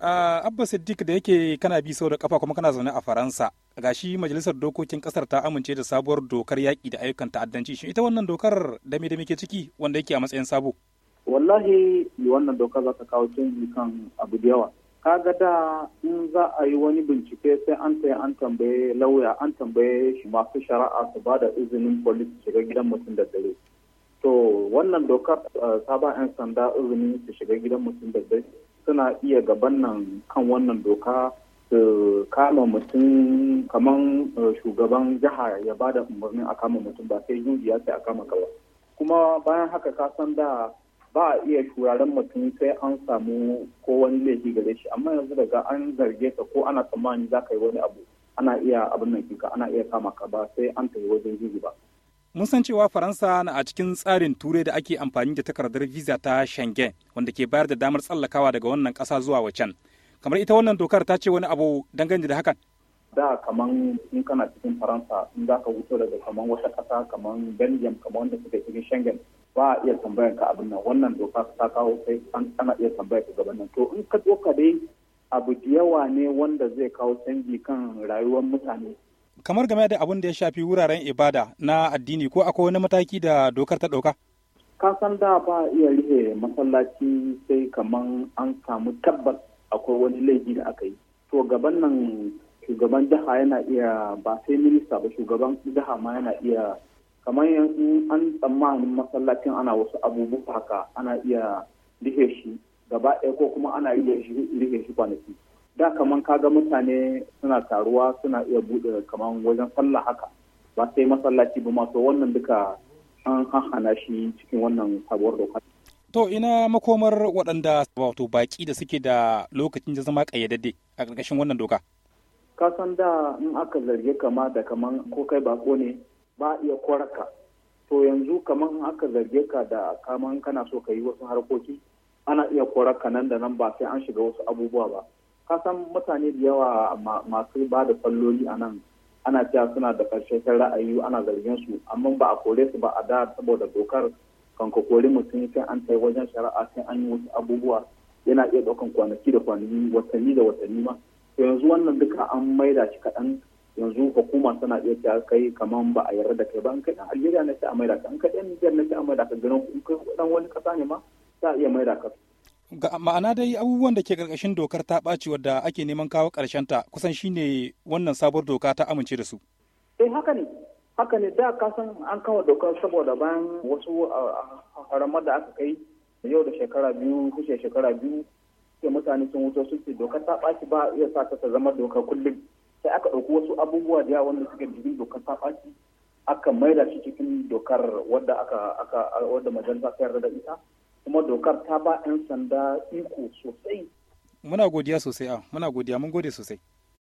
abba siddiq da yake kana bi sau da kafa kuma kana zaune a faransa gashi majalisar dokokin kasar ta amince da sabuwar dokar yaƙi da ayyukan ta'addanci shi ita wannan dokar da me da muke ciki wanda yake a matsayin sabo wallahi wannan dokar za ta kawo canji kan abu da yawa kaga da in za a yi wani bincike sai an sai an tambaye lauya an tambaye shi masu shari'a su ba da izinin polis shiga gidan mutum da dare to wannan dokar ta eh, ba 'yan sanda izinin su shiga gidan mutum da dare suna iya gaban nan kan wannan doka su kama mutum kaman eh, shugaban jiha ya ba da umarnin a kama mutum ba sai ya sai a kama kawai kuma bayan haka ka san da ba a iya turaren mutum sai an samu ko wani laifi gare shi amma yanzu daga an zarge ka ko ana tsammani za ka yi wani abu ana iya abin nan kika ana iya kama ka ba sai an tafi wajen juji ba mun san cewa faransa na a cikin tsarin turai da ake amfani da takardar visa ta schengen wanda ke bayar da damar tsallakawa daga wannan ƙasa zuwa wacan kamar ita wannan dokar ta ce wani abu dangane da hakan da kaman in kana cikin faransa in za ka wuce daga kaman wata ƙasa kaman belgium kaman wanda suke cikin schengen ba a iya tambayar ka abin nan wannan doka ta kawo sai ana iya tambayar ka gaban nan to in ka doka dai abu da yawa ne wanda zai kawo canji kan rayuwar mutane kamar game da abin da ya shafi wuraren ibada na addini ko akwai wani mataki da dokar ta ɗauka? ka san da ba iya rike masallaci sai kamar an samu tabbas akwai wani laifi da aka yi to gaban nan shugaban jiha yana iya ba sai minista ba shugaban jiha ma yana iya kamar yanzu an tsammanin masallacin ana wasu abubuwa haka ana iya rike shi gaba ɗaya ko kuma ana iya rike shi kwanaki da kaman kaga mutane suna taruwa suna iya bude kaman wajen sallah haka ba sai masallaci ba masu wannan duka an hana shi cikin wannan sabuwar doka. To ina makomar waɗanda wato baƙi da suke da lokacin da zama ƙayyadadde a ƙarƙashin wannan doka. Ka san da in aka zarge kama da kaman ko kai bako ne ba iya koraka. To yanzu kaman in aka zarge ka da kaman kana so ka yi wasu harkoki ana iya koraka nan da nan ba sai an shiga wasu abubuwa ba. kasan mutane da yawa masu ba da falloli a nan ana cewa suna da karshen ra'ayi ana zargin su amma ba a kore su ba a da saboda dokar kan ka kori mutum sai an tai wajen shari'a sai an yi wasu abubuwa yana iya ɗaukan kwanaki da kwanaki watanni da watanni ma to yanzu wannan duka an maida shi kaɗan yanzu hukuma tana iya cewa kai kaman ba a yarda da kai ba an kai dan Algeria na ce a maida ka an kai dan Niger na ce a maida ka ganin in dan wani kasa ne ma za a iya maida ka ga ma'ana dai abubuwan da ke karkashin dokar ta ɓaci wadda ake neman kawo karshen ta kusan shine wannan sabuwar doka ta amince da su. Eh haka ne, haka ne da ka san an kawo dokar saboda bayan wasu haramar da aka kai yau da shekara biyu kushe shekara biyu sai mutane sun wuto sun ce dokar ta ɓaci ba iya sa ta zama dokar kullum sai aka ɗauki wasu abubuwa da yawa wanda suke jirgin dokar ta ɓaci aka maida shi cikin dokar wadda aka aka wadda majalisa ta yarda da ita dokar ta ba 'yan sanda iko sosai muna godiya sosai a ah, muna godiya mun gode sosai